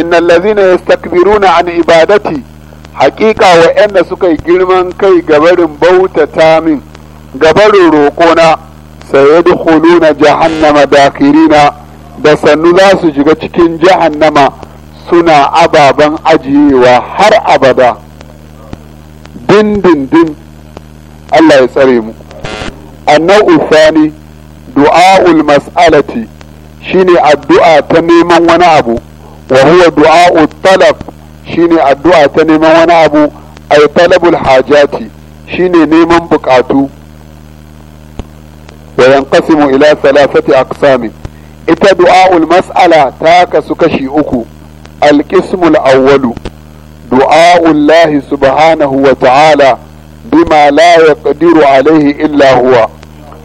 innal ladhina yastakbiruna an ibadati haƙiƙa wa'anda suka yi girman kai gabarin bautata min gabarin roƙona sayadkhuluna jahannama dakirina da sannu za su shiga cikin nama suna ababen ajiyewa har abada dindindin Allah ya tsare mu annau fani du'a'ul mas'alati shine addu'a ta neman wani abu wa huwa du'a'u talab shine addu'a ta neman wani abu ay talabul hajati shine neman bukatu wa yanqasimu ila thalathati aqsamin ita du'a'ul mas'ala ta kasu kashi uku alƙismul awwalu du'a'ul lahi subhanahu wa ta'ala bima la yaqdiru alayhi illa huwa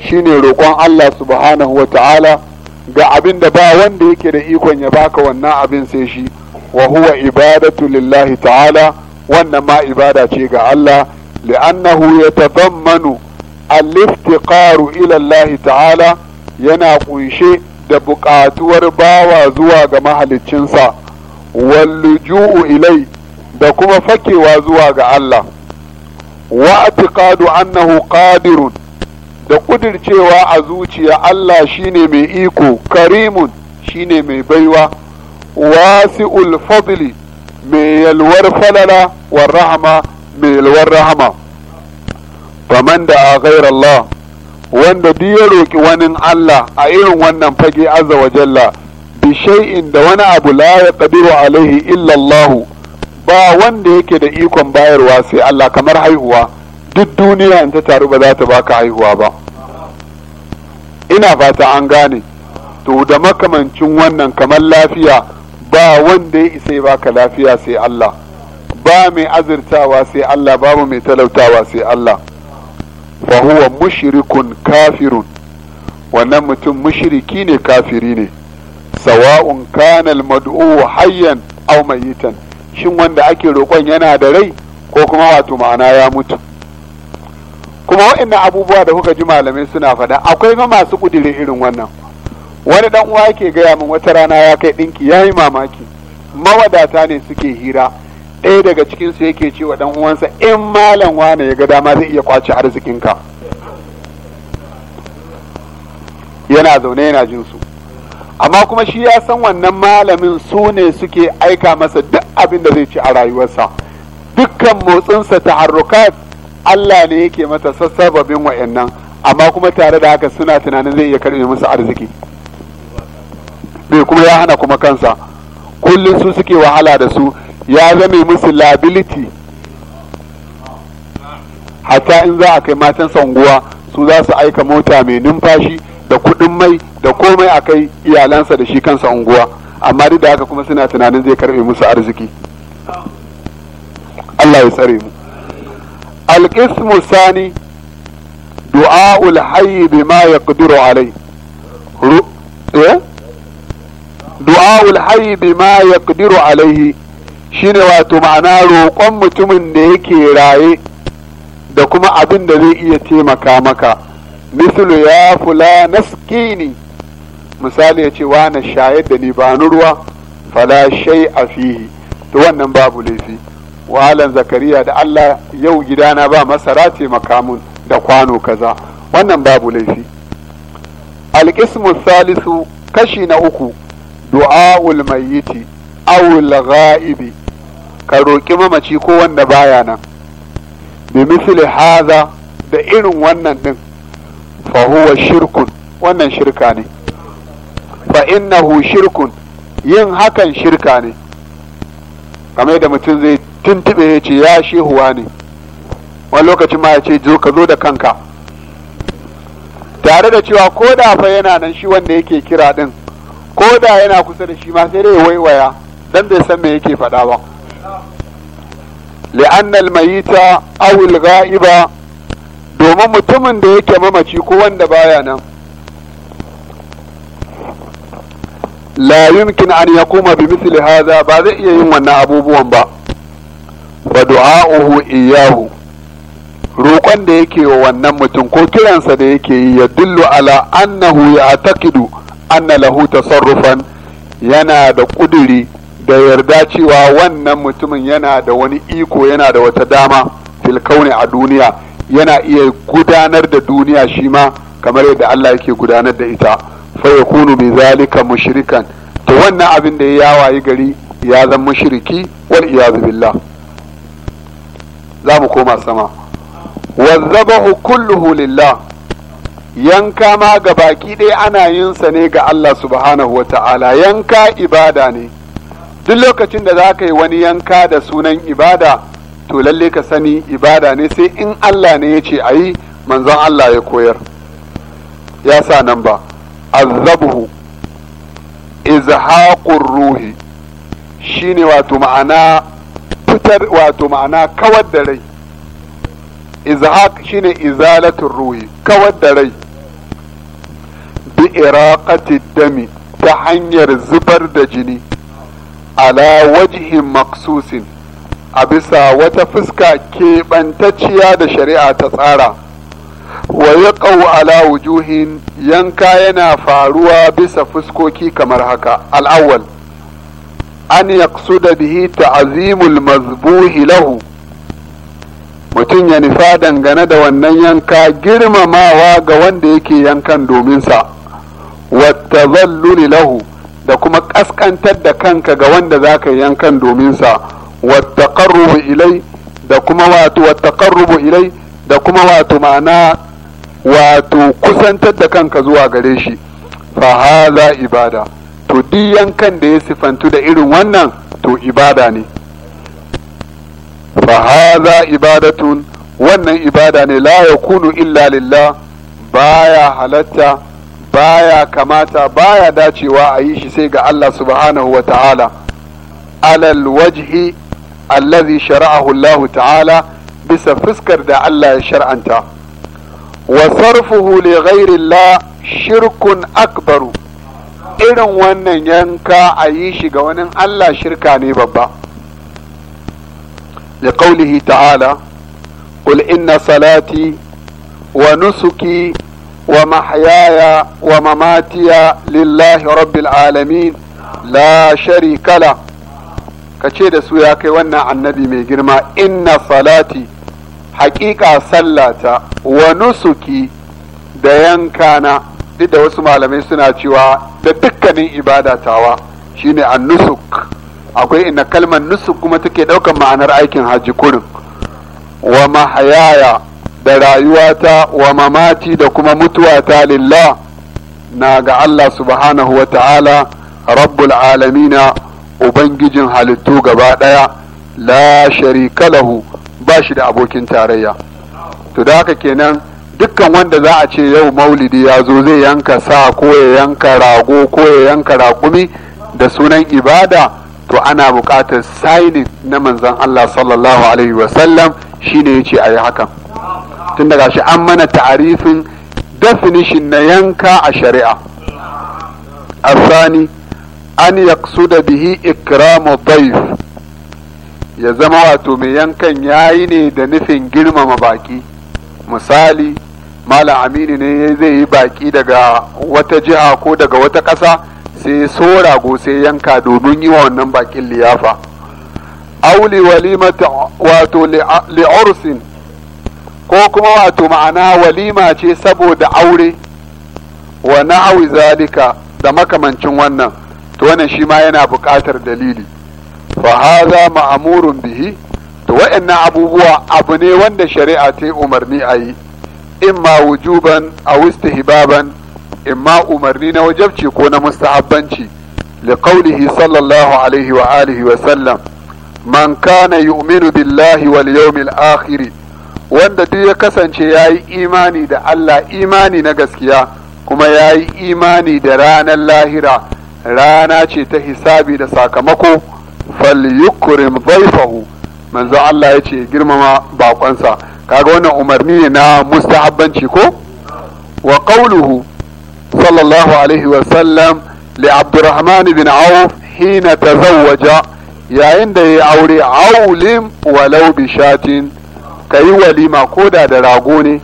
shine roƙon Allah subhanahu wa ta'ala ga abin da ba wanda yake da ikon ya baka wannan abin sai shi wa huwa ibadatu lillahi ta'ala wannan ma ibada ce ga Allah li'annahu yatadammanu al-iftiqaru ila Allah ta'ala yana kunshe da buƙatuwar bawa zuwa ga mahaliccinsa walluju'u ilai da kuma fakewa zuwa ga Allah wa annahu qadirun da kudircewa a zuciya Allah shine mai iko karimun shine mai baiwa wasi'ul fadli mai yalwar falala war rahama mai yalwar rahama faman da a Allah wanda duk ya roƙi wani Allah a irin wannan fage azza wa jalla bi shay'in da wani abu la ya alaihi illa Allah ba wanda yake da ikon bayarwa sai Allah kamar haihuwa duk duniya in ta taru ba za ta baka haihuwa ba ina fata an gane to da makamancin wannan kamar lafiya ba wanda ya isa baka lafiya sai Allah ba mai azurtawa sai Allah babu mai talautawa sai Allah fa huwa mushrikun kafirun wannan mutum mushriki ne kafiri ne sawa'un kana Madu'u hayyan aw mayitan shin wanda ake roƙon yana da rai ko kuma wato ma'ana ya mutu kuma waɗannan abubuwa da kuka ji malamai suna fada akwai ma masu kudiri irin wannan wani dan uwa yake gaya min wata rana ya kai ɗinki yayi mamaki mawadata ne suke hira ɗaya daga cikin su yake cewa dan uwansa in malam wane ya ga dama zai iya kwace arzikinka yana zaune yana jin su amma kuma shi ya san wannan malamin su ne suke aika masa duk abin da zai ci a rayuwarsa dukkan motsinsa ta taharrukat Allah ne yake mata sassababin wa'annan amma kuma tare da haka suna tunanin zai iya karbe musu arziki bai kuma ya hana kuma kansa kullum su suke wahala da su ya zame musu liability Hata in za a kai matan sanguwa su za su aika mota mai numfashi da kuɗin mai da komai a kai iyalansa da shi kansa unguwa amma duk da haka kuma suna tunanin zai karbe musu arziki Allah ya tsare mu Alƙismu Sani, دعاء الحي بما يقدر عليه رو... إيه؟ دعاء shine wato ma'ana roƙon mutumin da yake raye da kuma abin da zai iya taimaka maka mislu ya fula naskini misali ya ce wani shayar da ni ba ruwa fala shai a fihi to wannan babu laifi wahalan zakariya da Allah yau gidana ba masara ce makamun da kwano kaza wannan babu laifi alƙismu salisu kashi na uku du'a'ul mayyiti awul ghaibi ka roƙi mamaci ko wanda baya nan bi misli haza da irin wannan din fa huwa shirkun wannan shirka ne fa innahu shirkun yin hakan shirka ne kamar da mutum zai tuntube ya ce ya shehuwa ne wani lokacin ma ya ce zo ka zo da kanka tare da cewa ko da fa yana nan shi wanda yake kira din ko da yana kusa da shi ma sai dai waiwaya dan bai san me yake faɗa ba li'anna almayita aw alghaiba domin mutumin da yake mamaci ko wanda baya nan la yumkin an yakuma bi mithli hadha ba zai iya yin wannan abubuwan ba wa du'a'uhu iyahu roƙon da yake wa wannan mutum ko kiransa da yake yi ya dillu ala annahu ya taqidu anna lahu tasarrufan yana da ƙuduri da yarda cewa wannan mutumin yana da wani iko yana da wata dama filkauni a duniya yana iya gudanar da duniya shi ma kamar yadda Allah yake gudanar da ita fa yakunu bi zalika mushrikan to wannan abin da ya wayi gari ya zama mushriki wal iyad billah za mu koma sama wazzabahu kulluhu lillah yanka ma ga baki ɗaya ana yin sa ne ga Allah subhanahu wata'ala yanka ibada ne duk lokacin da za ka yi wani yanka da sunan ibada to lalle ka sani ibada ne sai in Allah ne ya ce a yi manzon Allah ya koyar ya sa nan ba azabuhu izhaqur ruhi shine wato ma'ana fitar wato ma'ana kawar da rai izhaq shine izalatul ruhi kawar da rai bi iraqati dami ta hanyar zubar da jini ala wajhin maksusin a bisa wata fuska keɓantacciya da shari'a ta tsara wa yaqau ala wujuhin yanka yana faruwa bisa fuskoki kamar haka al'awwal an yaqsuda bihi ta'zimul mazbuhi lahu mutum ya nufa dangane da wannan yanka girmamawa ga wanda yake yankan sa wata zalluli lahu da kuma kaskantar da kanka ga wanda za ka yankan dominsa wata ilai da kuma wato wata ilai da kuma wato ma'ana wato kusantar da kanka zuwa gare shi fa ibada to duk yankan da ya sifantu da irin wannan to ibada ne fahaza ibadatun wannan ibada ne la ya kunu illa lillah baya halatta baya kamata baya dacewa a yi shi sai ga Allah subhanahu wa ta'ala alal wajhi allazi shara'ahu Allah ta'ala bisa fuskar da Allah ya shar'anta wa sarfuhu li ghairi Allah shirkun akbaru irin wannan yanka a yi shi ga wani Allah shirka ne babba da ta'ala qul inna salati wa nusuki wa mahyaya wa mamatiya lillahi rabbil alamin la sharika la ka ce da su ya kai wannan annabi mai girma inna salati haƙiƙa sallata wa nusuki da yankana duk da wasu malamai suna cewa da dukkanin ibada tawa shine an nusuk akwai inna kalmar nusuk kuma take ɗaukar ma'anar aikin hajji kurin wa mahayaya da rayuwata wa mamati da kuma mutuwa ta lillah na ga Allah subhanahu wa ta'ala rabbul alamina ubangijin halittu gaba ɗaya la sharika lahu ba shi da abokin tarayya to da haka kenan dukkan wanda za a ce yau maulidi ya zo zai yanka sa ko ya yanka rago ko ya yanka raƙumi da sunan ibada to ana buƙatar sainin na manzan Allah sallallahu alaihi wasallam shine yace ayi hakan tun daga shi an mana ta'arifin definition na yanka a shari'a asani an da bihi ikramu dayf ya zama wato mai yankan yayi ne da nufin girmama baki misali mala aminu ne zai yi baki daga wata jiha ko daga wata ƙasa sai sora go sai yanka domin yi wa wannan bakin liyafa auli walimata wato li'ursin ko kuma wato ma'ana walima ce saboda aure wa na'awi zalika da makamancin wannan to wannan shi ma yana buƙatar dalili fa hadha ma'murun bihi to wa'annan abubuwa abu ne wanda shari'a ta umarni a yi imma wujuban a istihbaban imma umarni na wajabci ko na mustahabbanci liqaulihi sallallahu alaihi wa alihi wa sallam man kana yu'minu billahi wal yawmil akhir wanda duk ya kasance yayi imani da Allah imani na gaskiya kuma yayi imani da ranar lahira rana ce ta hisabi da sakamako falyukrim dhaifahu manzo Allah yace girmama bakonsa kaga wannan umarni ne na mustahabbanci ko wa qawluhu sallallahu alaihi wa sallam li abdurrahman bin auf hina tazawwaja yayin da ya aure aulim walau bi shatin kayi walima koda da rago ne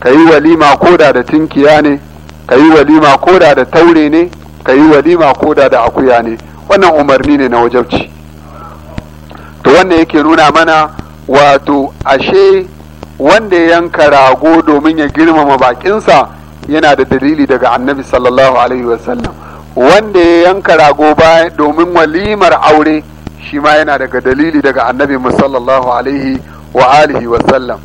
kai walima koda da tinkiya ne kayi walima koda da taure ne kayi walima koda da akuya ne wannan umarni ne na wajabci to wannan yake nuna mana wato ashe wanda ya yanka rago domin ya girmama bakinsa yana da dalili daga annabi sallallahu alaihi wasallam wanda ya yanka rago domin walimar aure shi ma yana daga dalili daga annabi sallallahu alaihi wa alihi wasallam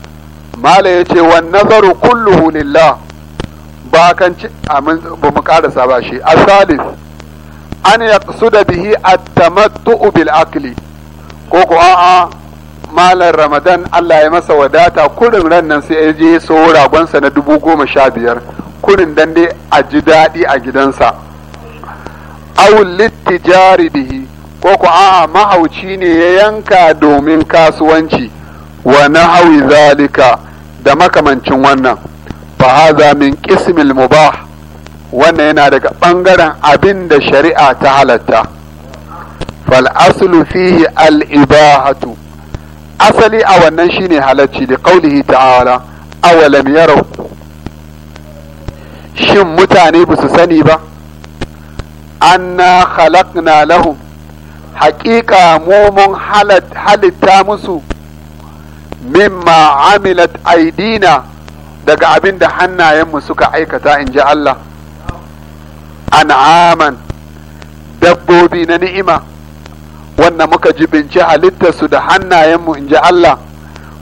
mala ya ce nazaru kulluhu lillah ba kan ci amin ba mu karasa ba shi asalis an yaqsuda bihi at-tamattu bil akli ko ko a'a malar ramadan Allah ya masa wadata kurin ran nan sai ya je so ragonsa na dubu goma sha biyar kurin dan dai a ji daɗi a gidansa awul littijari bihi ko ku a'a mahauci ne ya yanka domin kasuwanci wa hawi zalika da makamancin wannan fa hadha min qismil mubah wannan yana daga ɓangaren abin da shari'a ta halatta fal aslu fihi al asali a wannan shine halacci da qaulihi ta'ala awalam yarau shin mutane ba su sani ba anna khalaqna lahum haƙiƙa momun halitta musu mimma amilat aidina daga abin da hannayenmu suka aikata in ji Allah an'aman dabbobi na ni'ima wannan muka jibinci halittarsu da hannayenmu in ji Allah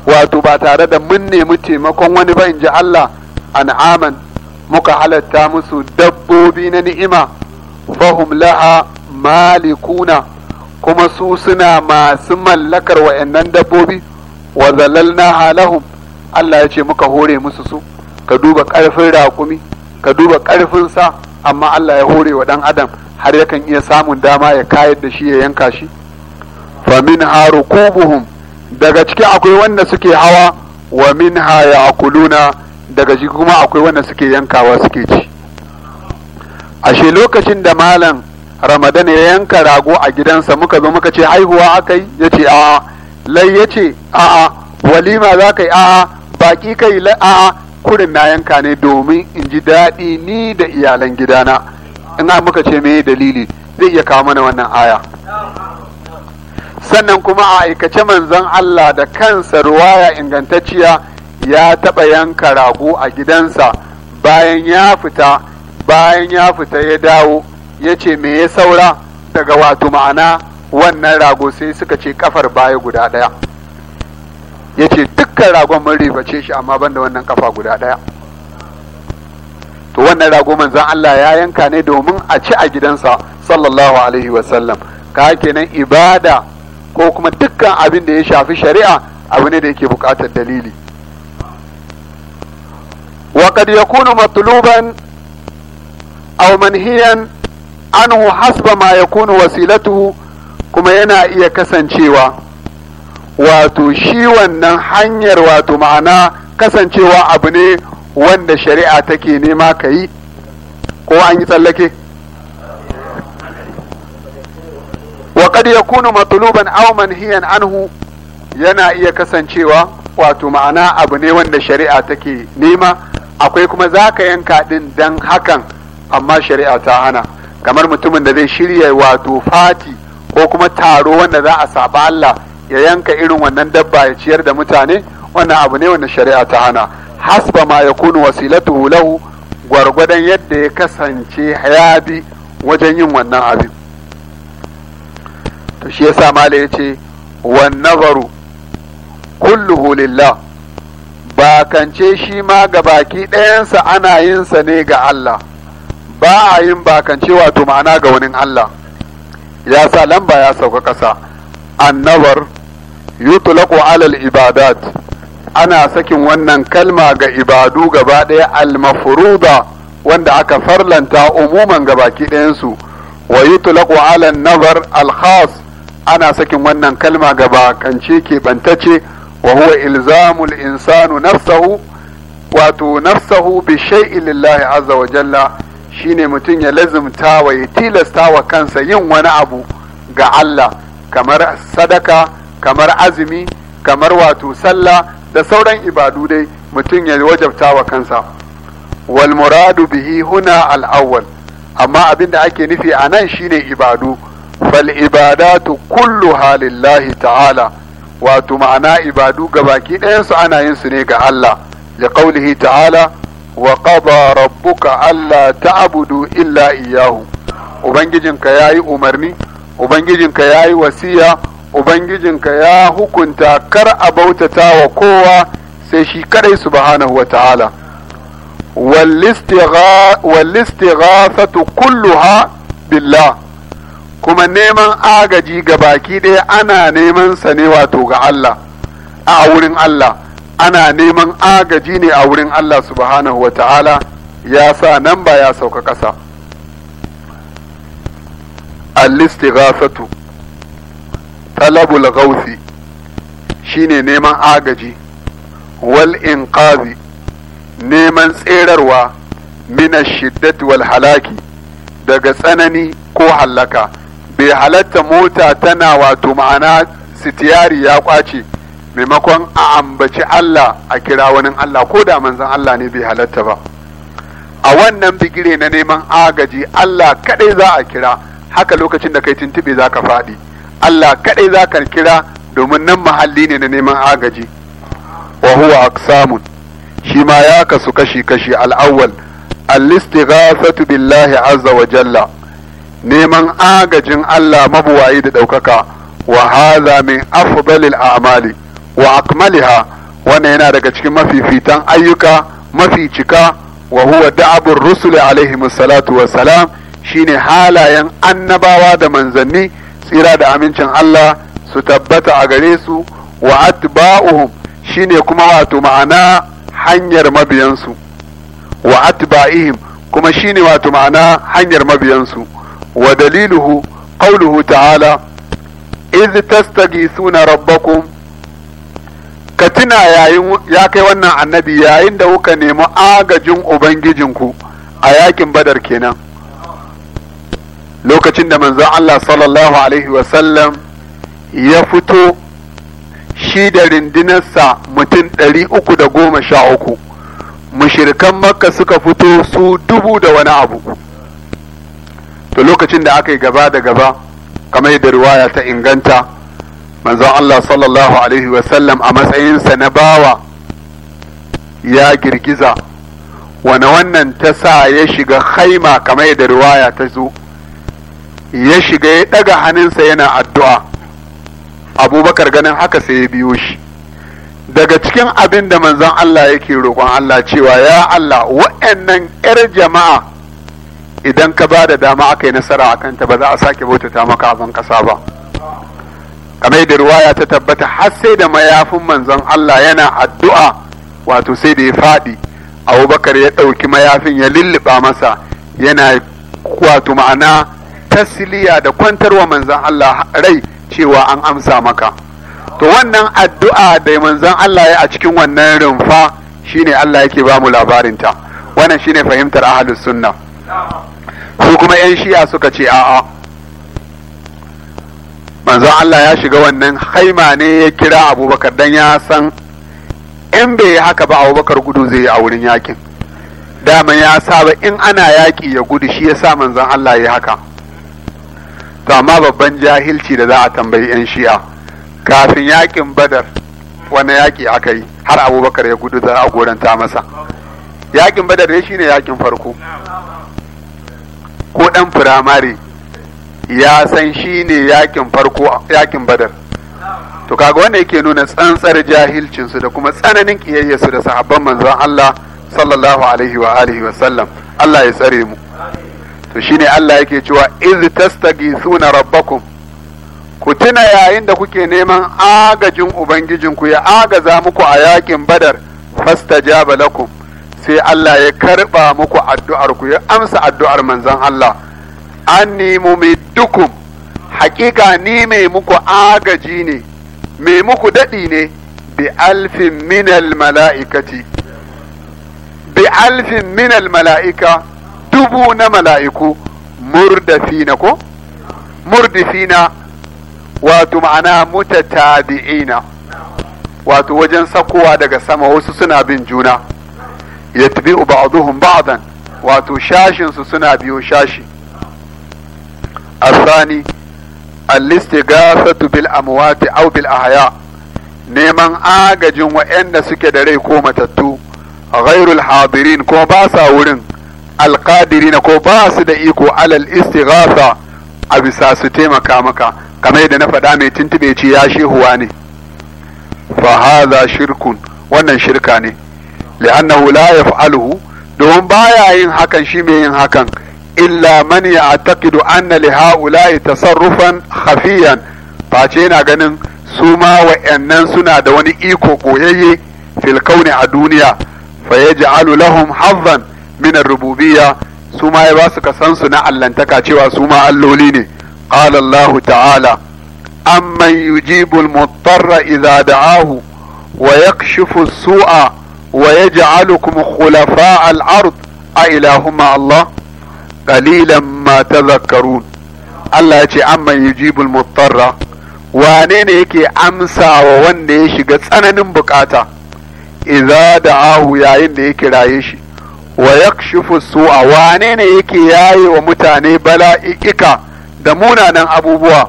wato ba tare da mun nemi taimakon wani ba in ji Allah an'aman muka halatta musu dabbobi na ni'ima fahum laha malikuna kuma su suna masu mallakar wa'annan dabbobi wa zalalna halahum Allah ya ce muka hore musu su ka duba ƙarfin raƙumi ka duba ƙarfin sa amma Allah ya hore wa ɗan adam har yakan iya samun dama ya kayar da shi ya yanka shi fa ko rukubuhum daga ciki akwai wanda suke hawa wa min minha ya'kuluna daga ciki kuma akwai wanda suke yankawa suke ci ashe lokacin da malam ramadan ya yanka rago a gidansa muka zo muka ce haihuwa akai yace ya ce a'a lai ya ce a'a walima za ka yi a'a baki kai a'a kurin na yanka ne domin in ji daɗi ni da iyalan gidana ina muka ce me dalili zai iya kawo mana wannan aya sannan kuma a aikace manzon Allah da kansa ruwaya ingantacciya ya taɓa yanka rago a gidansa bayan ya fita bayan ya fita ya dawo ya ce me ya saura daga wato ma'ana wannan rago sai suka ce kafar baya guda ɗaya ya ce dukkan ragon mun ribace shi amma ban da wannan kafa guda ɗaya to wannan rago manzon Allah ya yanka ne domin a ci a gidansa sallallahu alaihi wasallam ka kenan ibada ko kuma dukkan abin da ya shafi shari'a abu ne da yake buƙatar dalili وقد Yakunu مطلوبا او منهيا Hasba حسب ya kuna wasilatu kuma yana iya kasancewa wato shi wannan hanyar wato ma'ana kasancewa abu ne wanda shari'a take nema ka yi ko an yi tsallake wa ya yakunu matluban aw manhiyan anhu yana iya kasancewa wato ma'ana abu ne wanda shari'a take nema akwai kuma zaka yanka din dan hakan amma shari'a ta hana kamar mutumin da zai shirya wato fati ko kuma taro wanda za a saba Allah ya yanka irin wannan dabba ya ciyar da mutane wannan abu ne wanda shari'a ta hana hasba ma yakunu wasilatu lahu gwargwadon yadda ya kasance ya bi wajen yin wannan abin to shi yasa mala yace wan nazaru kulluhu lillah bakance shi ma ga baki ɗayansa ana yin sa ne ga Allah ba a yin bakance wato ma'ana ga wani Allah ya sa lamba ya sauka ƙasa annabar yutlaqu alal ibadat ana sakin wannan kalma ga ibadu gaba ɗaya almafruda wanda aka farlanta umuman ga baki ɗayansu wa yutlaqu alal nabar al khas ana sakin wannan kalma ga bakance keɓantacce wa huwa ilzamul insanu nafsahu wato nafsahu bi shay'in lillahi azza wa jalla shine mutum ya lazumta wa ya tilasta wa kansa yin wani abu ga Allah kamar sadaka kamar azumi kamar wato sallah da sauran ibadu dai mutum ya wajabta wa kansa wal muradu bihi huna al awwal amma abinda ake nufi a nan shine ibadu fal ibadatu kullu halillahi ta'ala wato ma'ana ibadu gabaki ɗayansu ana yin su ne ga Allah Ya qaulihi ta'ala wa qada rabbuka alla ta'budu illa iyyahu ubangijinka yayi umarni ubangijinka yayi wasiya ubangijinka ya hukunta kar a bautata wa kowa sai shi kadai subhanahu wa ta'ala wal istighathatu kulluha billah kuma neman agaji ga baki ɗaya ana neman sa ne wato ga Allah a wurin Allah ana neman agaji ne a wurin Allah subhanahu wa ta'ala ya sa nan ba ya sauka ƙasa al-istighasatu talabul ghawthi shine neman agaji wal inqazi neman tserarwa mina shiddati wal halaki daga tsanani ko hallaka bai halatta mota tana wato ma'ana sitiyari ya kwace maimakon a ambaci Allah a kira wani Allah ko da manzon Allah ne bai halatta ba a wannan bigire na neman agaji Allah kadai za a kira haka lokacin da kai tuntube za ka faɗi Allah kadai za ka kira domin nan mahalli ne na neman agaji wa huwa aksamun shi ma ya kasu kashi kashi al'awwal al-istighasatu billahi azza wa jalla neman agajin Allah mabuwayi da ɗaukaka wa hadha min afdalil a'mali wa akmaliha wannan yana daga cikin mafifitan ayyuka mafi cika wa huwa da'abur rusul alaihi salatu wa salam shine halayen annabawa da manzanni tsira da amincin Allah su tabbata a gare su wa atba'uhum shine kuma wato ma'ana hanyar mabiyansu wa atba'ihim kuma shine wato ma'ana hanyar mabiyansu wa daliluhu qawluhu ta'ala iz tastagisuna rabbakum ka tuna yayin ya kai wannan annabi yayin da kuka nemi agajin ubangijinku a yakin badar kenan lokacin da manzon Allah sallallahu alaihi sallam ya fito shi da rindinarsa mutum ɗari uku da goma sha uku mushirikan makka suka fito su dubu da wani abu Da lokacin da aka yi gaba da gaba kamar yadda riwaya ta inganta manzon Allah sallallahu alaihi wasallam a matsayinsa na bawa ya girgiza wane wannan ta sa ya shiga haima kamar yadda riwaya ta zo ya shiga ya ɗaga hannunsa yana addu'a abubakar ganin haka sai ya biyo shi daga cikin abin da manzon Allah yake roƙon Allah cewa ya Allah wa'annan 'yar jama'a idan ka ba da dama aka yi nasara a kanta ba za a sake bautata maka abin kasa ba kamar da ruwaya ta tabbata har sai da mayafin manzon Allah yana addu'a wato sai da ya faɗi abubakar ya ɗauki mayafin ya lulluɓa masa yana wato ma'ana tasiliya da kwantar wa manzon Allah rai cewa an amsa maka to wannan addu'a da manzon Allah ya a cikin wannan rumfa shine Allah yake ba mu labarinta wannan shine fahimtar ahlus sunna su kuma 'yan shi'a suka ce a'a manzon Allah ya shiga wannan haima ne ya kira abubakar dan ya san in bai haka ba abubakar gudu zai yi a wurin yakin dama ya saba in ana yaƙi ya gudu shi ya sa manzon Allah ya haka to amma babban jahilci da za a tambayi 'yan shi'a kafin yakin badar wani yaƙi aka yi har abubakar ya gudu za a goranta masa yakin badar ne shine yakin farko ko ɗan firamare ya san shi ne yakin farko yakin badar to kaga wanda yake nuna tsantsar jahilcinsu da kuma tsananin ƙiyayyarsu da sahabban manzon Allah sallallahu alaihi wa alihi wa sallam Allah ya tsare mu to shine Allah yake cewa iz tastagithuna rabbakum ku tuna yayin da kuke neman agajin ubangijinku ya agaza muku a yakin badar fastajaba lakum sai Allah ya karɓa muku addu'ar ku ya amsa addu'ar manzan Allah An mai dukun. haƙiƙa ni mai muku agaji ne mai muku daɗi ne bi alfin minal mala'ikati bi alfin minal mala'ika dubu na mala'iku murdafina ko na, wato ma'ana mutatabi'ina wato wajen sakowa daga sama wasu suna bin juna yatbi'u ba'duhum ba'dan wato shashin su suna biyo shashi asani al-istighasatu bil amwati aw bil ahya neman agajin waɗanda suke da rai ko matattu ghairul hadirin ko ba sa wurin alqadirin ko ba su da iko alal istighasa a bisa su taimaka maka kamar yadda na faɗa mai tuntube ce ya shehuwa ne fa hadha shirkun wannan shirka ne li'annahu la yaf'aluhu domin baya yin hakan shi mai yin hakan illa man ya'taqidu anna li ha'ula'i tasarrufan khafiyan face yana ganin suma ma wa'annan suna da wani iko koyayye fil kauni a duniya fa yaj'alu lahum hazzan min ar-rububiyya ya basu su kasan su na allantaka cewa suma alloli ne qala ta'ala amman yujibu al-mutarra idza da'ahu wa yakshifu as-su'a ويجعلكم خلفاء الارض اله الله قليلا ما تذكرون الله يجي اما يجيب المضطر وانين يكي امسى وون ديشي قد سننن بقاتا اذا دعاه ياين لا يشي ويكشف السوء وانين يكي ياي ومتاني بلا ايكا دمونا نن ابو بوا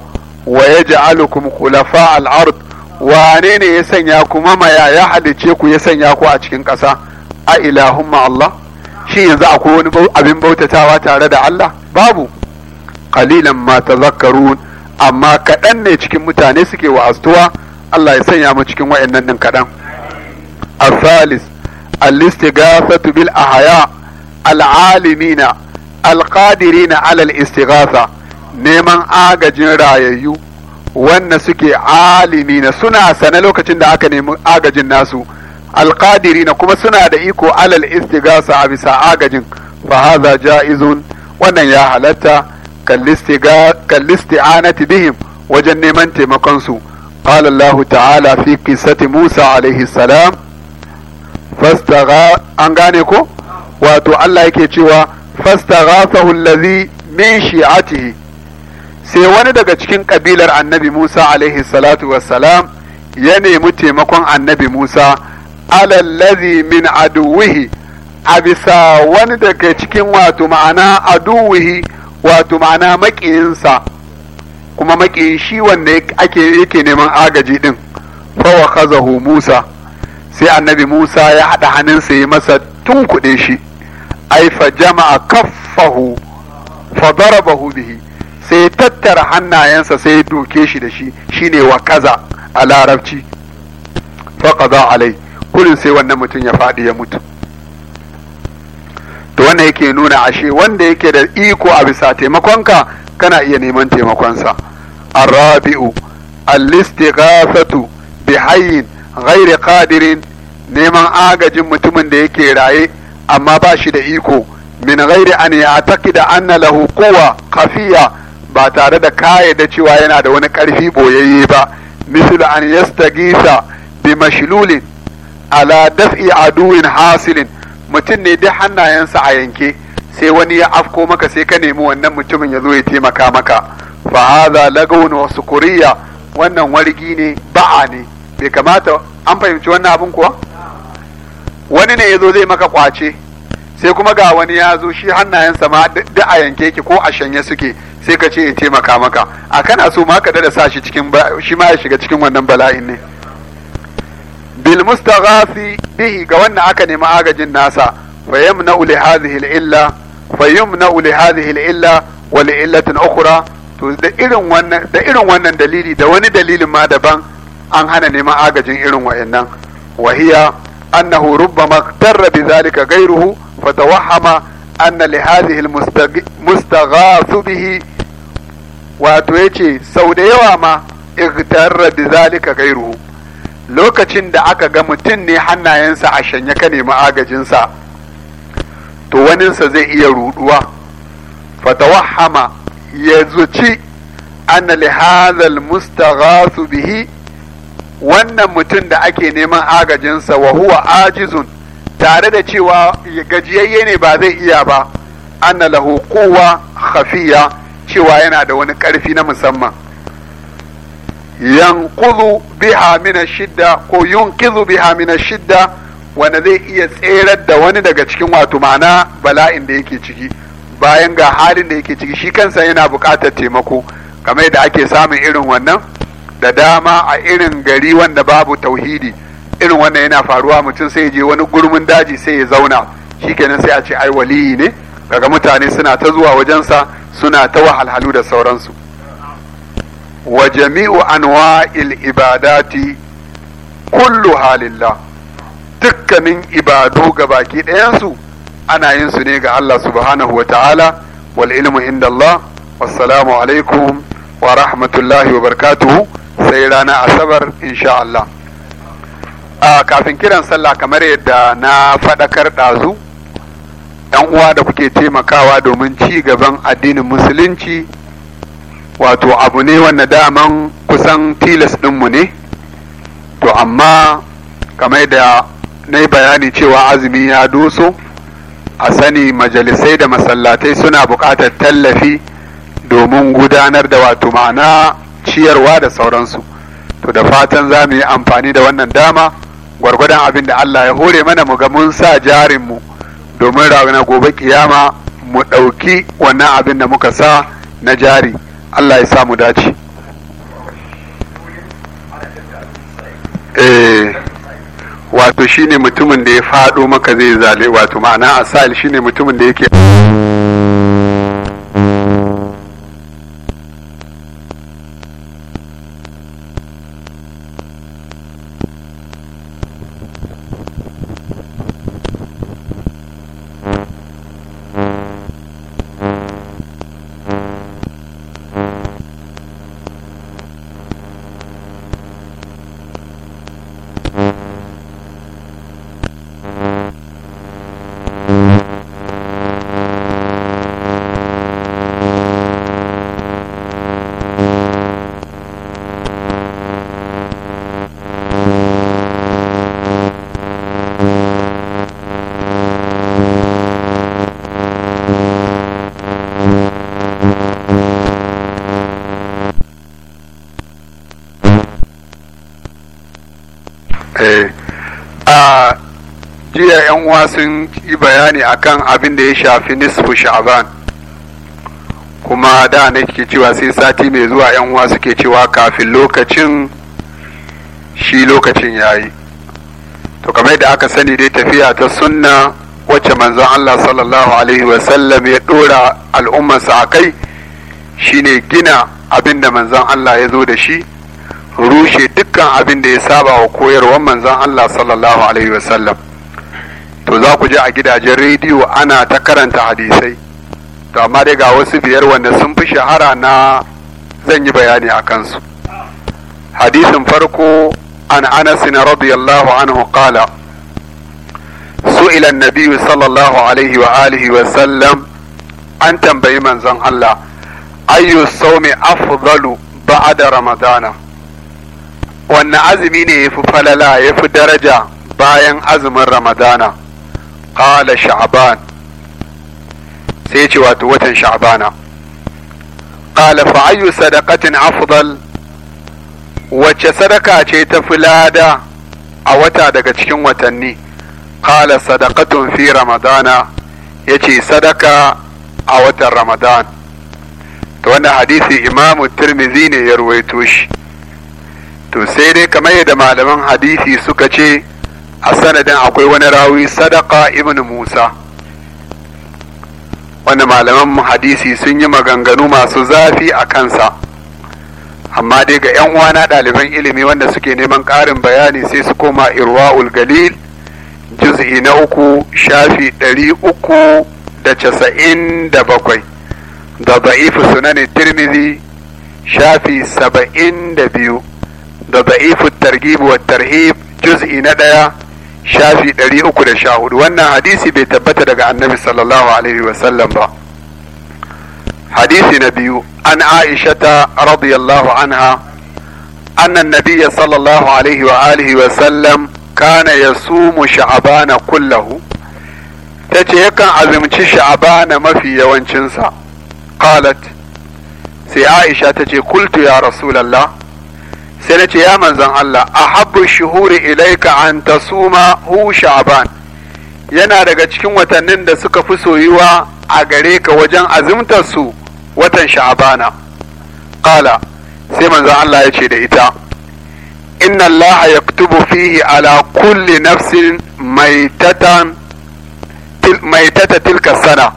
ويجعلكم خلفاء الارض wane ne ya sanya ku mama ya halice ku ya sanya ku a cikin ƙasa a ilahumma Allah shi yanzu akwai wani abin bautatawa tare da Allah babu qalilan ma tazakkarun amma kaɗan ne cikin mutane suke wa'astuwa Allah ya sanya mu cikin wa'annan din kaɗan الثالث الاستغاثة بالأحياء العالمين na Alal IstiGasa, neman agajin rayayyu wanda suke alimina suna sane lokacin da aka nemi agajin nasu na kuma suna da iko alal istigasa a bisa agajin fa hadha jaizun wannan ya halatta anati bihim wajen neman taimakon su قال الله musa في قصة موسى عليه السلام فاستغا أنغانيكو واتو الله يكي فاستغاثه الذي من شيعته sai wani daga cikin ƙabilar annabi Musa alaihi salatu wassalam ya nemi taimakon annabi Musa alallazi min aduwihi a bisa wani daga cikin wato ma'ana aduwihi wato ma'ana maƙiyinsa kuma maƙiyin shi wanda ake yake neman agaji din fawa kazahu Musa sai annabi Musa ya haɗa hannunsa ya masa tunkuɗe shi ai fa jama'a kaffahu fa darabahu bihi sai tattara hannayensa sai doke shi da shi shine wa kaza a larabci a alai kullum sai wannan mutum ya faɗi ya mutu to wannan yake nuna ashe wanda yake da iko a bisa taimakonka kana iya neman taimakonsa arabi'u al-istighafatu bi hayyin ghairi qadirin neman agajin mutumin da yake raye amma ba shi da iko min ghairi an ya'taqida anna lahu quwwa khafiya ba tare da kayyade cewa yana da wani ƙarfi boyayye ba misal an yastagisa bi mashlulin ala daf'i aduwin hasilin mutum ne duk hannayensa a yanke sai wani ya afko maka sai ka nemi wannan mutumin ya zo ya taimaka maka fa hadha lagawun wa sukuriya wannan wargi ne ba'a ne bai kamata an fahimci wannan abin kuwa wani ne ya zo zai maka kwace sai kuma ga wani ya zo shi hannayensa ma da a yanke ki ko a shanye suke sai ka ce in taimaka maka a kana so ma ka da sa shi cikin shi ma ya shiga cikin wannan bala'in ne bil mustaghasi bihi ga wannan aka nemi agajin nasa fa yamna li hadhihi al illa fa yamna li hadhihi al illa wa li illatin ukhra to da irin wannan da irin wannan dalili da wani dalilin ma daban an hana neman agajin irin wayannan wahiya annahu rubbama tarra bi zalika ghayruhu fatawahama anna li hadhihi mustaghathu bihi wato yace sau da yawa ma igtarra bi zalika ghayruhu lokacin da aka ga mutum ne hannayensa a shanye ka nemi agajinsa to waninsa zai iya ruduwa fatawahama ya ci, anna li hadhal mustaghathu bihi wannan mutum da ake neman agajinsa wa ajizun tare da cewa gajiyayye ne ba zai iya ba anna lahu quwwa khafiya cewa yana da wani karfi na musamman yanqudu biha min shidda ko yunqizu biha min shidda wanda zai iya tserar da wani daga cikin wato ma'ana bala'in da yake ciki bayan ga halin da yake ciki shi kansa yana buƙatar taimako kamar da ake samun irin wannan da dama a irin gari wanda babu tauhidi irin wannan yana faruwa mutum sai ya je wani gurmin daji sai ya zauna shikenan sai a ce ai waliyi ne daga mutane suna ta zuwa wajensa suna ta wahalhalu da sauransu wa jami'u anwa'il ibadati kullu halillah dukkanin ibadu ga baki ɗayansu ana yin su ne ga Allah subhanahu wa ta'ala wal ilmu inda Allah wassalamu alaikum wa rahmatullahi wa barakatuhu sai rana asabar insha Allah a kafin kiran sallah kamar yadda na faɗakar ɗazu yan uwa da kuke taimakawa domin ci gaban addinin musulunci wato abu ne wanda daman kusan tilas ɗinmu ne to amma kamar da na yi bayani cewa azumi ya doso a sani majalisai da masallatai suna buƙatar tallafi domin gudanar da wato ma'ana ciyarwa da sauransu to da fatan za mu yi amfani da wannan dama gwargwadon abin da Allah ya hore mana mu ga mun sa jarin mu domin rana gobe kiyama mu ɗauki wannan abin da muka sa na jari Allah ya sa mu dace eh, wato shine mutumin da ya faɗo maka zai zale wato ma'ana asali shine mutumin da yake Eh, a jiya yan uwa sun yi bayani akan abin da ya shafi nisfu sha'ban kuma da na ke cewa sai sati mai zuwa yan uwa suke cewa kafin lokacin shi lokacin yayi to kamar da aka sani dai tafiya ta sunna wacce manzon Allah sallallahu alaihi wasallam ya dora al'ummarsa a kai shine gina abin da manzon Allah ya zo da shi rushe dukkan abin da ya saba wa koyarwar manzon Allah sallallahu alaihi wasallam to za ku je a gidajen rediyo ana ta karanta hadisai to amma dai ga wasu biyar wanda sun fi shahara na zan yi bayani a kansu hadisin farko an anas radiyallahu anhu qala su'ila an sallallahu alaihi wa alihi wa sallam an tambayi manzon Allah ayyu sawmi afdalu ba'da ramadana wanne azumi ne ya fi falala ya fi daraja bayan azumin ramadana ƙala sha'aban sai ce wato watan sha'abana ƙala fa'ayyu sadaqatin afdal wacce sadaka ce ta fi lada a wata daga cikin watanni ƙala sadaqatun fi ramadana ya ce sadaka a watan ramadan ta wannan hadisi imamu turmizi ne ya ruwaito shi to sai dai kamar yadda malaman hadisi suka ce a sanadin akwai wani rawi sadaka ibn musa Wani malaman hadisi sun yi maganganu masu zafi a kansa amma dai ga 'yan uwana ɗaliban ilimi wanda suke neman ƙarin bayani sai su koma irwa'ul galil juz'i na uku shafi ɗari uku da casa'in da bakwai da ba'ifu sunanin tirmidhi shafi saba'in da biyu ضعيف الترغيب والترهيب جزء ندى شافي دري اوكو ده شاهد وانا حديثي بي تبت دغا النبي صلى الله عليه وسلم حديث نبي عن عائشة رضي الله عنها أن النبي صلى الله عليه وآله وسلم كان يصوم شعبان كله تتيكا عزمتش شعبان ما في يوان قالت سي عائشة تجي قلت يا رسول الله sai na ce ya manzon Allah ahabbu shuhuri ilaika an suma hu sha'ban yana daga cikin watannin da suka fi soyuwa a gare ka wajen azimtar su watan sha'abana sai manzon Allah ya ce da ita inna ya yaktubu fihi ala kulli nafsin maitata tilka sana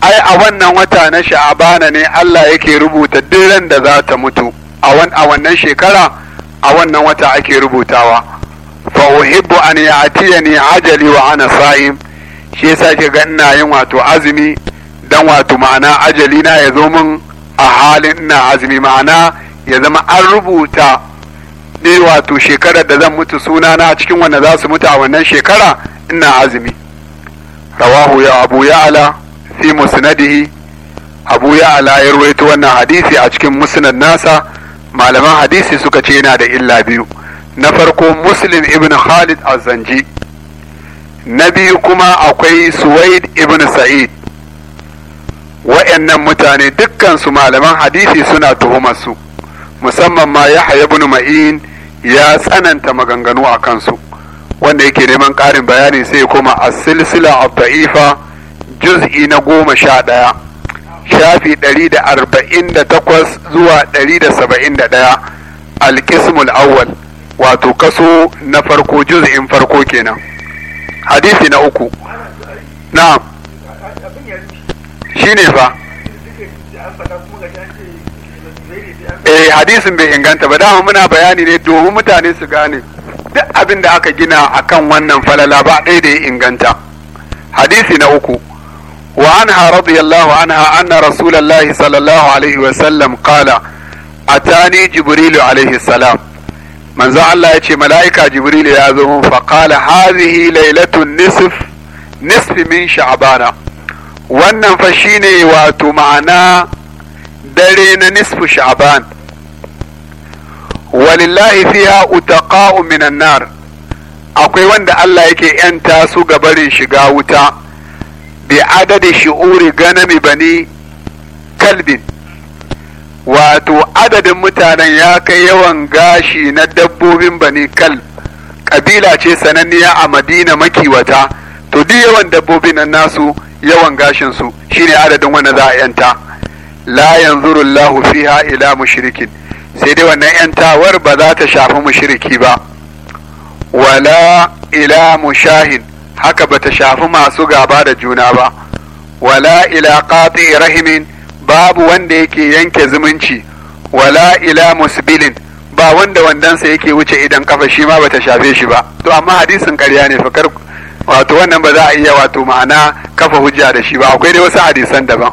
ai a wannan wata na sha'abana ne Allah yake rubuta duk ran da za ta mutu a wannan shekara a wannan wata ake rubutawa fa uhibbu an ya'tiyani ajali wa ana sa'im shi yasa ke ga ina yin wato azumi dan wato ma'ana ajali na ya zo min a halin ina azumi ma'ana ya zama an rubuta ne wato shekarar da zan mutu suna na cikin wanda za su mutu a wannan shekara ina azumi rawahu ya abu ya'ala fi musnadihi abu ya'ala ya ruwaito wannan hadisi a cikin musnad nasa malaman hadisi suka ce yana da illa biyu na farko muslim ibn khalid azanji na biyu kuma akwai suwaid ibn sa'id wa'annan mutane dukkansu malaman hadisi suna tuhumarsu musamman ma yahya ibn ma'in ya tsananta maganganu a kansu wanda yake neman ƙarin bayani sai kuma a silsila a ta'ifa juz'i na goma sha ɗaya shafi 148 zuwa 171 alkismul awwal wato kaso na farko juz'in farko kenan hadisi na uku na shi ne fa eh hadisin bai inganta ba dama muna bayani ne domin mutane su gane duk abin da aka gina akan wannan falala ba ɗaya da ya inganta hadisi na uku وعنها رضي الله عنها أن رسول الله صلى الله عليه وسلم قال أتاني جبريل عليه السلام من زعل الله يتشي ملائكة جبريل يازمون فقال هذه ليلة النصف نصف من شعبان wannan fa shine wato ma'ana dare na nisfu sha'ban walillahi fiha utaqa'u minan nar akwai wanda Allah yake yanta su ga barin shiga wuta bi adadi shi'uri ganami bani wato adadin mutanen ya kai yawan gashi na dabbobin bani kal. kabila ce sananniya a madina makiwata to duk yawan dabbobin nan nasu yawan gashinsu shine adadin wanda za a yanta la yanzuru Allahu fiha ila mushrikin sai dai wannan yantawar ba za ta shafi mushriki ba wala ila mushahin haka bata shafi masu gaba da juna ba wala ila qati rahimin babu wanda yake yanke zumunci wala ila musbilin ba wanda wandansa yake wuce idan kafa shi ma bata shafe shi ba to amma hadisin ƙarya ne fakar wato wannan ba za a iya wato ma'ana kafa hujja da shi ba akwai dai wasu hadisan daban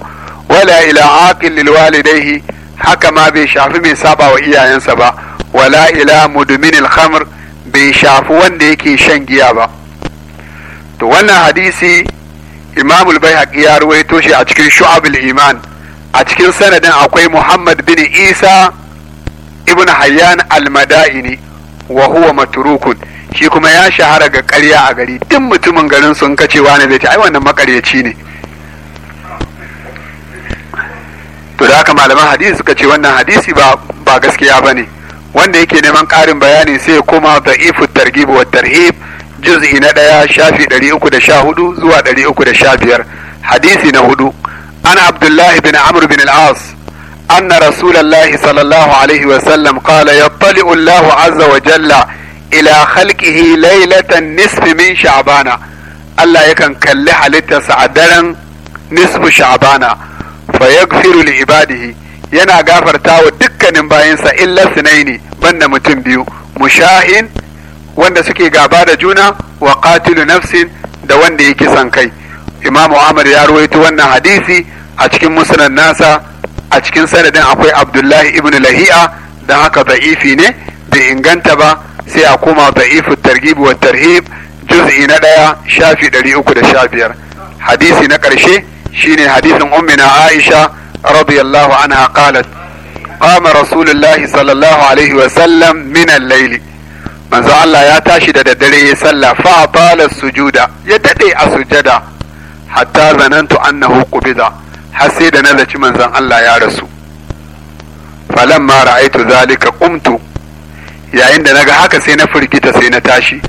wala ila aqil lil walidayhi haka ma bai shafi mai saba wa iyayensa ba wala ila mudminil khamr bai shafi wanda yake shan giya ba to wannan hadisi imamul bai ya ruwaito shi a cikin shu'abul iman a cikin sanadin akwai muhammad bin isa ibn hayyan almada'ini wa huwa maturukun shi kuma ya shahara ga ƙarya a gari duk mutumin garin sun kacewa ne zai ce ai wannan makaryaci ne to da haka malaman hadisi suka ce wannan hadisi ba ba gaskiya bane wanda yake neman ƙarin bayani sai ya koma da ifu targhib wa tarhib juz'i na ɗaya shafi ɗari uku da sha hudu zuwa ɗari uku da sha biyar hadisi na hudu an abdullahi bin amr bin al-as أن رسول الله صلى الله عليه وسلم قال يطلع الله عز وجل إلى خلقه ليلة نصف من شعبان الله يكن كل حالته سعدرا نصف شعبان فيغفر لعباده ينا غفر تاو دكا باينسا إلا سنين بند متن بيو مشاهن wanda suke gaba da juna wa katilu nafsin da wanda ya kisan kai imamu Ahmad ya ruwaito wannan hadisi a cikin musnad nasa a cikin sanadin akwai abdullahi ibn lahi'a dan haka da'ifi ne bai inganta ba sai a koma da'ifu targhib wa tarhib juz'i na daya shafi 315 hadisi na karshe shine hadisin ummina aisha radiyallahu anha qalat قام رسول الله صلى الله عليه وسلم من الليل manzo Allah ya tashi da daddare ya salla fa atala sujuda ya dade a sujada hatta zanantu annahu qubida har sai da na zaci manzon Allah ya rasu falamma ra'aitu zalika qumtu yayin da naga haka sai na firgita sai na tashi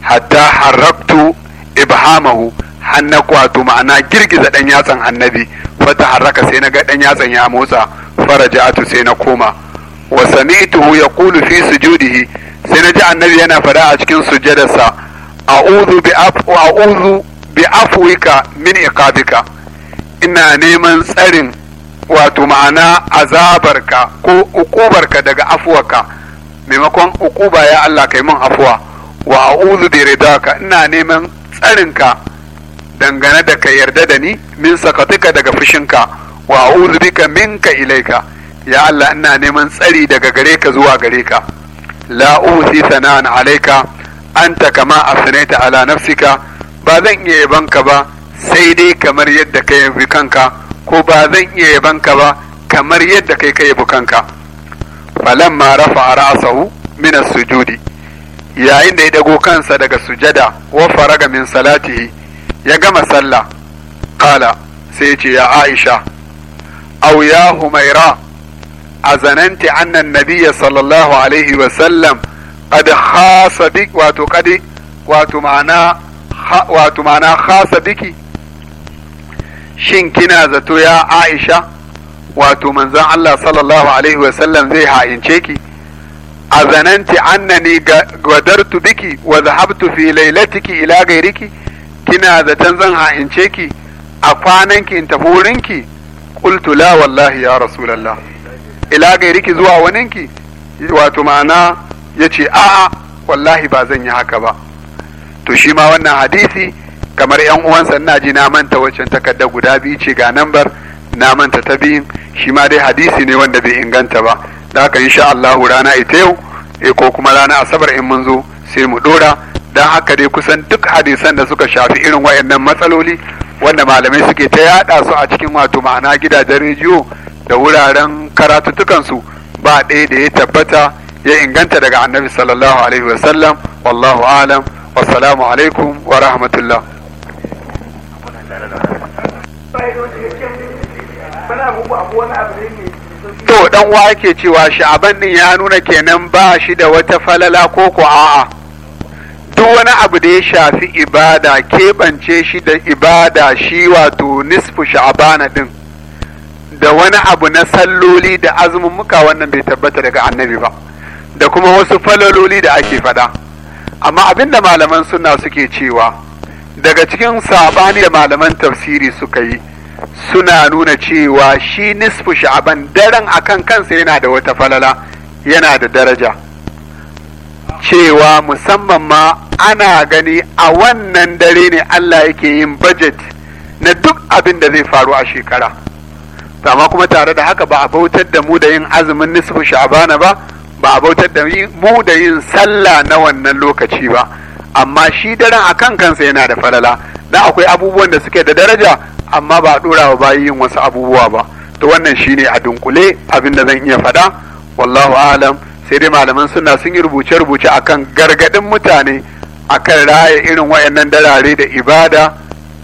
hatta harraktu ibhamahu hanna kwato ma'ana girgiza dan yatsan annabi fata harraka sai naga dan yatsan ya motsa farajatu sai na koma wa sami'tuhu yaqulu fi sujudihi sai na ji annabi yana fada a cikin sujadarsa a'udhu bi uzu bi afwika min iqabika ina neman tsarin wato ma'ana azabarka ko ukubarka daga afuwaka maimakon ukuba ya Allah kai min afuwa wa a'udhu bi ridaka ina neman tsarinka dangane da ka yarda da ni min sakatika daga fushinka wa a'udhu bika minka ilaika ya Allah ina neman tsari daga gare ka zuwa gare ka La'usi usi sana'an alaika an takama asnaita ala nafsika ba zan iya yabanka ba sai dai kamar yadda ka yabi kanka ko ba zan iya banka ba kamar yadda kai ka yabi kanka falamma rafa ra'sahu min as-sujudi yayin da ya dago kansa daga sujada wa faraga min ya gama sallah qala sai ce aisha aw ya humaira أزننت أن النبي صلى الله عليه وسلم قد خاص بك واتو قد واتو wato ma'ana khasa biki shin kina zato ya aisha wato manzon Allah sallallahu alaihi wasallam zai ha'ince ki a zananti annani gwadartu biki wa zahabtu fi lailatiki ila gairiki kina zaton zan ha'ince ki a kwananki in tafi wurinki qultu wallahi ya rasulallah ila gairiki zuwa waninki wato ma'ana ya ce a'a wallahi ba zan yi haka ba to shi ma wannan hadisi kamar yan uwansa na ji na manta waccan takarda guda biyu ce ga nambar na manta ta biyun shi ma dai hadisi ne wanda bai inganta ba da haka insha Allahu rana ita yau e ko kuma rana asabar in mun zo sai mu dora dan haka dai kusan duk hadisan da suka shafi irin wayannan matsaloli wanda malamai suke ta yada su a cikin wato ma'ana gidajen rediyo da wuraren karatuttukansu ba ɗaya da ya tabbata ya inganta daga annabi sallallahu alaihi wasallam wallahu alam wassalamu alaikum wa rahmatullah to dan wa ake cewa sha'aban din ya nuna kenan ba shi da wata falala ko ko a'a duk wani abu da ya shafi ibada keɓance shi da ibada shi wato nisfu shabana din da wani abu na salloli da azumin muka wannan bai tabbata daga annabi ba da kuma wasu falaloli da ake faɗa amma abinda malaman suna suke cewa daga cikin sabani da malaman tafsiri suka yi suna nuna cewa shi nisfu sha'aban daren akan kansa yana da wata falala yana da daraja cewa musamman ma ana gani a wannan dare ne Allah yake yin budget na duk abin da zai faru a shekara amma kuma tare da haka ba a bautar da mu da yin azumin nisfin sha'bana ba ba a bautar da mu da yin sallah na wannan lokaci ba amma shi daren a kan kansa yana da falala dan akwai abubuwan da suke da daraja amma ba a dora wa bayi yin wasu abubuwa ba to wannan shine a dunkule abin da zan iya faɗa wallahu alam sai dai malaman suna sun yi rubuce-rubuce akan gargadin mutane akan raya irin wayannan darare da ibada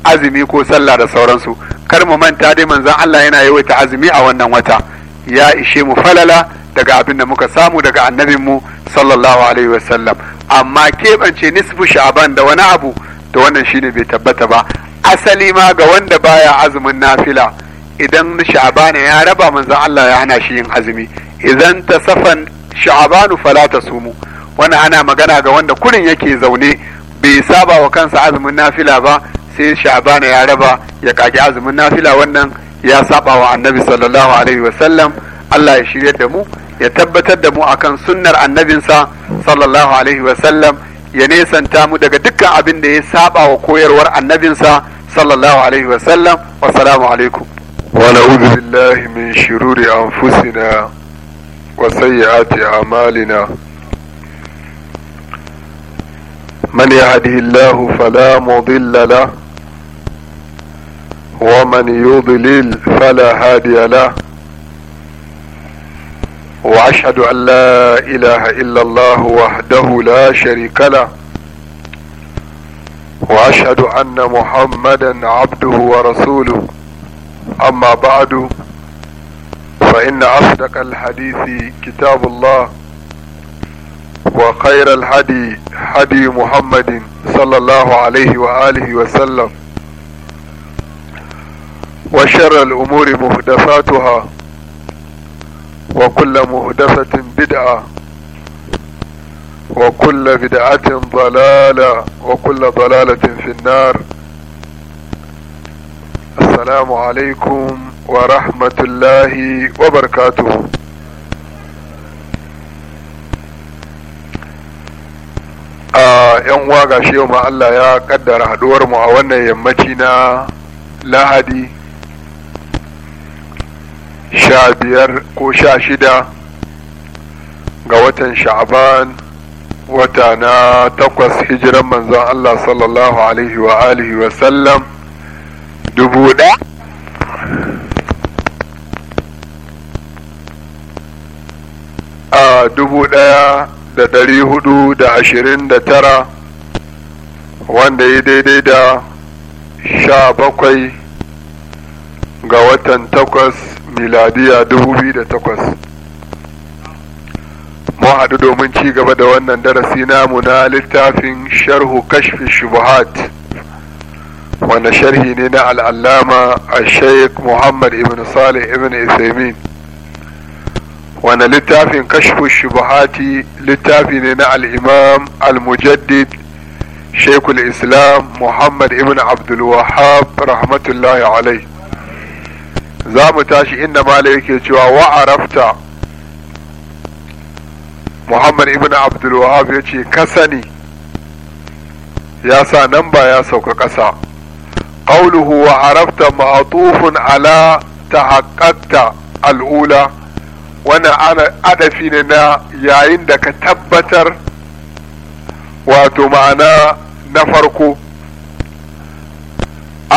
azumi ko sallah da sauransu kar mu manta dai manzan Allah yana yi yawaita azumi a wannan wata ya ishe mu falala daga abin da muka samu daga annabinmu sallallahu alaihi wasallam amma keɓance nisfu sha'aban da wani abu da wannan shine bai tabbata ba asali ma ga wanda baya azumin nafila idan sha'ban ya raba manzan Allah ya hana shi yin azumi idan ta safan sha'abanu fala ta sumu wani ana magana ga wanda kurin yake zaune bai saba wa kansa azumin nafila ba sai sha'bana ya raba ya kage azumin nafila wannan ya saba wa annabi sallallahu alaihi wasallam Allah ya shirya da mu ya tabbatar da mu akan sunnar annabinsa sallallahu alaihi wasallam ya nesanta mu daga dukkan abin da ya saba wa koyarwar annabinsa sallallahu alaihi wasallam wassalamu alaikum wa na'udhu billahi min shururi anfusina wa sayyiati a'malina من يهده الله فلا مضل له ومن يضلل فلا هادي له واشهد ان لا اله الا الله وحده لا شريك له واشهد ان محمدا عبده ورسوله اما بعد فان اصدق الحديث كتاب الله وخير الهدي هدي محمد صلى الله عليه واله وسلم وشر الأمور مهدفاتها وكل مهدفة بدعة وكل بدعة ضلالة وكل ضلالة في النار السلام عليكم ورحمة الله وبركاته yan waga shi yau ma Allah ya kaddara haduwar mu a wannan yammaci na lahadi sha biyar ko sha shida ga watan sha'aban wata na takwas hijiran manzon Allah sallallahu alaihi wa alihi wa sallam dubu da a dubu ɗaya da dari hudu da ashirin da tara wanda ya daidai da sha bakwai ga watan takwas miladiya 2008 mu haɗu domin ci gaba da wannan darasi namu na littafin sharhu kashfi shubuhat wanda sharhi ne na al'allama a sheik muhammad ibn salih ibn isaimin wanda littafin kashfi shubuhati littafi ne na al'imam al-mujaddid sheikul islam muhammad ibn abdulwahab rahmatullahi alai za mu tashi inda malai yake cewa wa'arafta. muhammad ibn abdulwahab ya ce kasani ya sa nan ba ya sauka ƙasa ƙauluhu wa arafta ma'atufun ala ta al'ula wannan adafi ne na yayin da ka tabbatar wato ma'ana na farko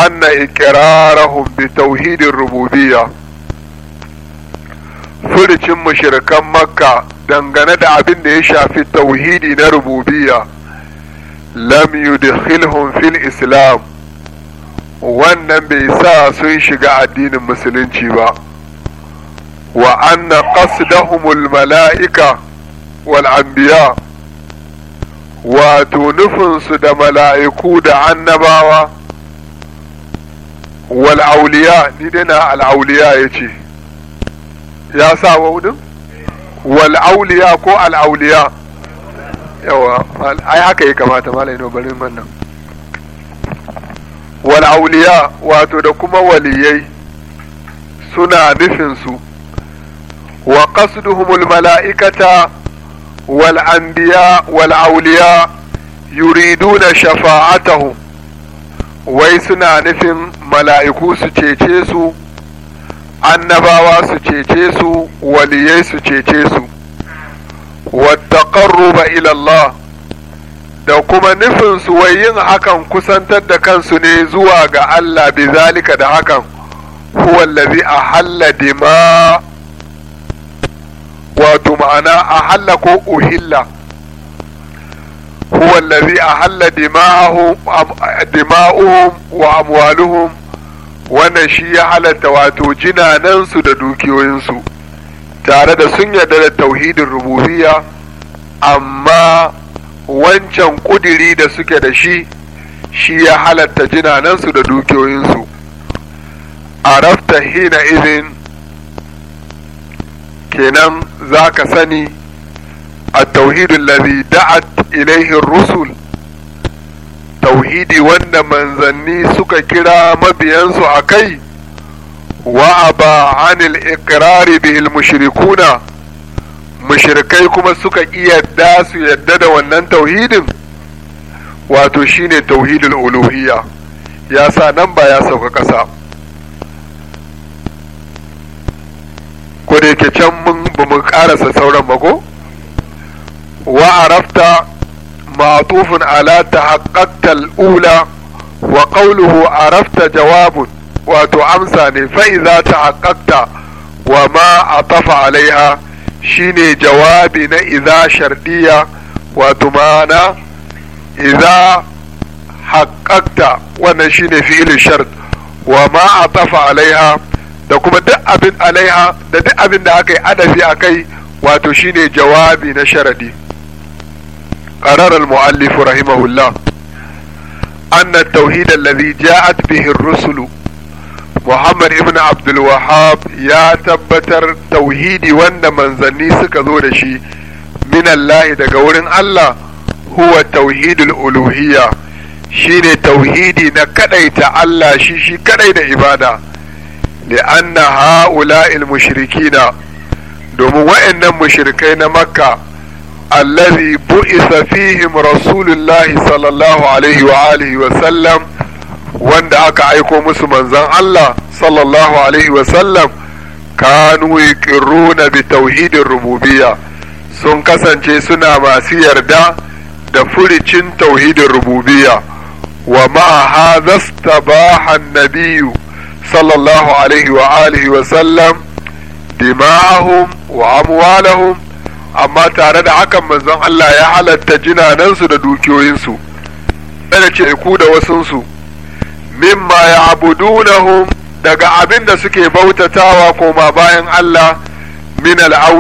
anna iqrarahum bi tauhidir rububiyya furucin mushrikan makka dangane da abin da ya shafi tauhidi na rububiyya lam yudkhilhum fil islam wannan bai sa sun shiga addinin musulunci ba wa anna qasdahumul mala'ika wal anbiya wato nufinsu da mala'iku da annabawa wal ni dai na al auliya yace ya sa wudin wal ko al auliya yawa ai haka ya kamata malai no barin man nan wal wato da kuma waliyai suna nufinsu. su wa qasduhumul mala'ikata wal anbiya wal auliya yuriduna shafa'atahum wai suna nufin mala'iku su cece su annabawa su cece su waliyai su cece su wattaƙarruba ilallah da kuma nufin su wai yin hakan kusantar da kansu ne zuwa ga Allah bi zalika da hakan huwallazi a halla dima wato ma'ana a halla ko uhilla هو a أحل دماءهم دماؤهم وأموالهم ya halatta wato jinanansu da dukiyoyinsu tare da sun yarda da tauhidin rububiya amma wancan kudiri da suke da shi shi ya halatta jinanansu da dukiyoyinsu a rafta hina izin kenan za ka sani التوحيد الذي دعت إليه الرسل توحيدي وان من ذني سك كرا مبيان سعكي وأبى عن الإقرار به المشركون مشركي كما سك إيداس يدد وان توحيد واتشين توحيد الألوهية يا سانبا يا سوك كسا ko da yake can mun ba mu karasa sauran ba ko وعرفت معطوف على تحققت الأولى وقوله عرفت جواب وتعمسني فإذا تحققت وما عطف عليها شيني جوابنا إذا شرطية وتمانا إذا حققت وانا شيني فعل الشرط وما عطف عليها da kuma duk abin alaiha da duk abin da aka yi adafi a kai wato shine jawabi na sharadi قرر المؤلف رحمه الله أن التوحيد الذي جاءت به الرسل Muhammad ibn Abdulwahab ya tabbatar tauhidi wanda manzanni suka zo da shi minallahi daga wurin Allah huwa tauhidul uluhiyya shine tauhidi na kadaita Allah shi shi kadai da ibada li'anna ha'ula'il mushrikina domin waɗannan mushrikai na makka الذي بؤث فيهم رسول الله صلى الله عليه وآله وسلم wanda aka aiko musu manzan Allah sallallahu alaihi wasallam kanu bi tauhidin rububiya sun kasance suna masu yarda da furicin tauhidin rububiya wa ma'a hadha istabaha an sallallahu alaihi wa alihi wa sallam dima'ahum wa amwalahum amma tare da hakan manzon Allah ya halatta jinanansu da dukiyoyinsu da ce ku da wasunsu mimma ya abudunahum daga abin da suke bautatawa koma bayan Allah min al'au